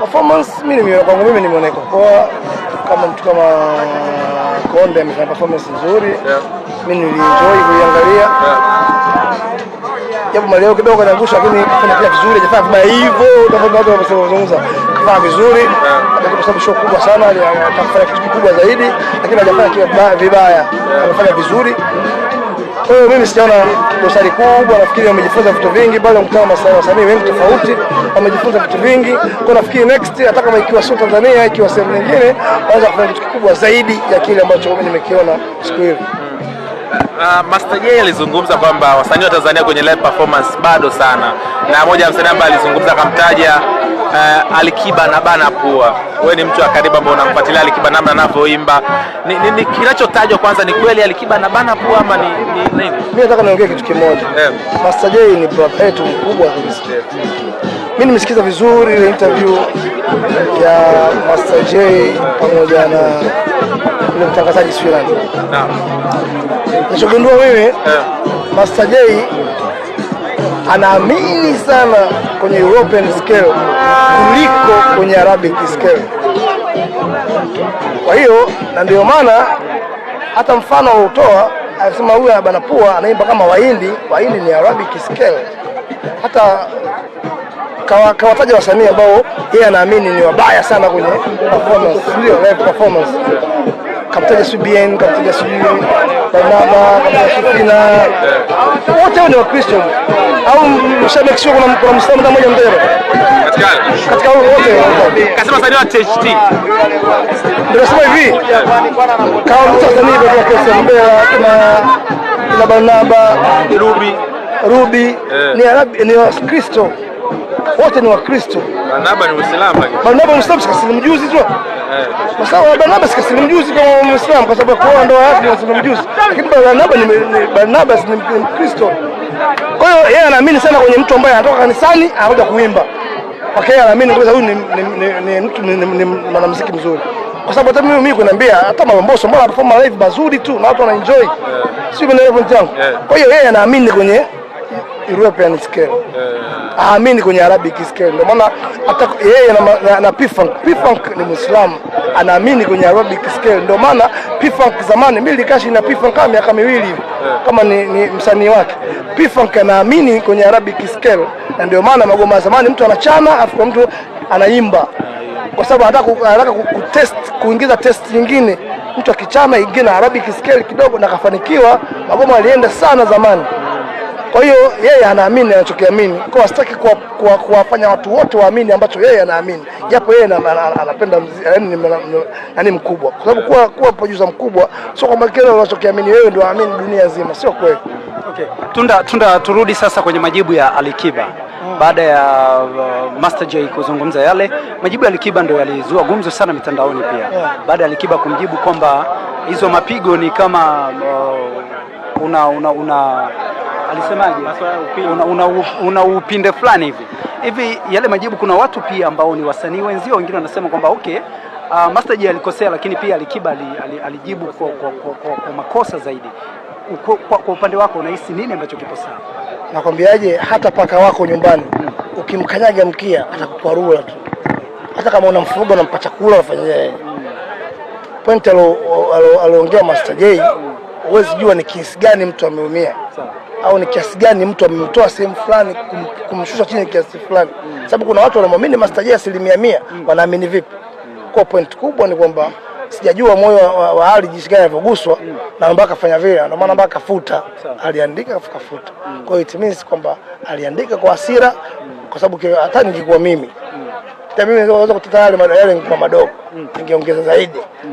Performance mimi nimeona kwangu mimi nimeoneka poa, kama mtu kama Konde amefanya performance nzuri yeah. Mimi nilienjoy kuiangalia yeah. Japo maleo kidogo kanaangusha, lakini kuna pia vizuri, hajafanya vibaya hivyo, utaona watu wanazungumza kufanya vizuri yeah. Kwa sababu show kubwa sana, atafanya kitu kikubwa zaidi, lakini hajafanya vibaya, amefanya vizuri yeah. Kwa hiyo mimi sijaona dosari kubwa, nafikiri wamejifunza vitu vingi pale, mkutano wa wasanii wengi tofauti wamejifunza vitu vingi. Kwa nafikiri next, hata kama ikiwa sio Tanzania, ikiwa sehemu nyingine, wanaweza kufanya kitu kikubwa zaidi ya kile ambacho mimi nimekiona siku hili. Uh, Master Jay alizungumza kwamba wasanii wa Tanzania kwenye live performance bado sana, na moja ya msanii ambaye alizungumza akamtaja uh, Alikiba na bana pua. Wewe ni mtu wa karibu ambao unamfuatilia Alikiba namna anavyoimba, ni, ni, ni kinachotajwa kwanza ni kweli Alikiba na bana pua ama ni nini? Mimi nataka niongee kitu kimoja. Yeah. Master Jay ni brother yetu mkubwa kabisa. Yeah mi nimesikiza vizuri ile interview ya Master J pamoja na ule mtangazaji sio Naam. Nilichogundua wewe yeah. Master J anaamini sana kwenye European scale kuliko kwenye Arabic scale. Kwa hiyo na ndio maana hata mfano utoa anasema huyu abanapua anaimba kama Wahindi. Wahindi ni Arabic scale hata kawataja wasanii ambao yeye anaamini ni wabaya sana kwenye performance, sio live performance. Kamtaja Subien, kamtaja sijui Barnaba, kamtaja Sufina, wote hao ni Wakristo au mshabiki sio? Kuna kuna msanii mmoja mbele katika katika wote, kasema wasanii wa THT ndio sema hivi, kama mtu wasanii kwa Kristo Mbea, kuna kuna Barnaba, Rubi Rubi eh. ni Arabi, ni Wakristo wote ni Wakristo. Barnaba ni Muislamu. Barnaba ni Muislamu, tu. Kwa eh. sababu Barnaba sikasilimu mjuzi kama Muislamu, kwa sababu kwa ndoa yake ni silimu mjuzi, lakini Barnaba ni Barnaba ni Mkristo. Kwa hiyo yeye anaamini sana kwenye mtu ambaye anatoka kanisani anakuja kuimba. Kwa hiyo anaamini kwa sababu ni mtu ni mwanamuziki mzuri. Kwa sababu hata mimi mimi kuniambia hata Mamboso mbona perform live mazuri tu na watu wana enjoy. Eh. Sio mimi na yangu. Eh. Kwa hiyo yeye anaamini kwenye European scale eh. aamini ah, kwenye Arabic scale. Ndio maana hata yeye na, na, na P-Funk P-Funk ni Muislamu anaamini kwenye Arabic scale. Ndio maana P-Funk zamani mimi nilikashi na P-Funk kama miaka miwili eh. kama ni, ni msanii wake P-Funk anaamini kwenye Arabic scale, na ndio maana magoma ya zamani mtu anachana afu mtu anaimba kwa sababu anataka anataka kutest kuingiza test nyingine. Mtu akichana ingine Arabic scale kidogo na kafanikiwa, magoma alienda sana zamani. Kwa hiyo yeye anaamini anachokiamini, kwa wasitaki kuwafanya watu wote waamini ambacho yeye anaamini, japo yeye anapenda nani yaani mkubwa, kwa sababu kuwa kuwa producer mkubwa sio kwamba kile unachokiamini wewe ndio aamini dunia nzima, sio kweli. Okay. Tunda, Tunda, turudi sasa kwenye majibu ya Alikiba hmm. baada ya uh, Master Jay kuzungumza yale majibu ya Alikiba ndio yalizua gumzo sana mitandaoni pia yeah. Baada ya Alikiba kumjibu kwamba hizo mapigo ni kama uh, una, una, una alisemaje, una, upinde fulani hivi hivi yale majibu. Kuna watu pia ambao ni wasanii wenzio, wengine wanasema kwamba okay, uh, Master J alikosea, lakini pia Alikiba alijibu kwa, kwa, kwa, kwa, kwa makosa zaidi. Uko, kwa, kwa upande wako unahisi nini ambacho kipo sawa? Nakwambiaje, hata paka wako nyumbani hmm, ukimkanyaga mkia atakukwarua tu, hata kama unamfuga unampa chakula hmm. point. Aliongea Master J, huwezi jua ni kiasi gani mtu ameumia au ni kiasi gani mtu amemtoa sehemu fulani kumshusha chini kiasi fulani, sababu kuna watu wanamwamini Master J asilimia mia, wanaamini vipi? Kwa point kubwa ni kwamba sijajua moyo wa, wa Ali jinsi gani alivyoguswa mm. na mpaka kafanya vile, ndio maana mpaka kafuta aliandika kafuta mm. kwa hiyo it means kwamba aliandika kwa hasira mm. kwa sababu hata ningekuwa mimi mm. mimi naweza kutata yale yale madogo mm. ningeongeza zaidi mm.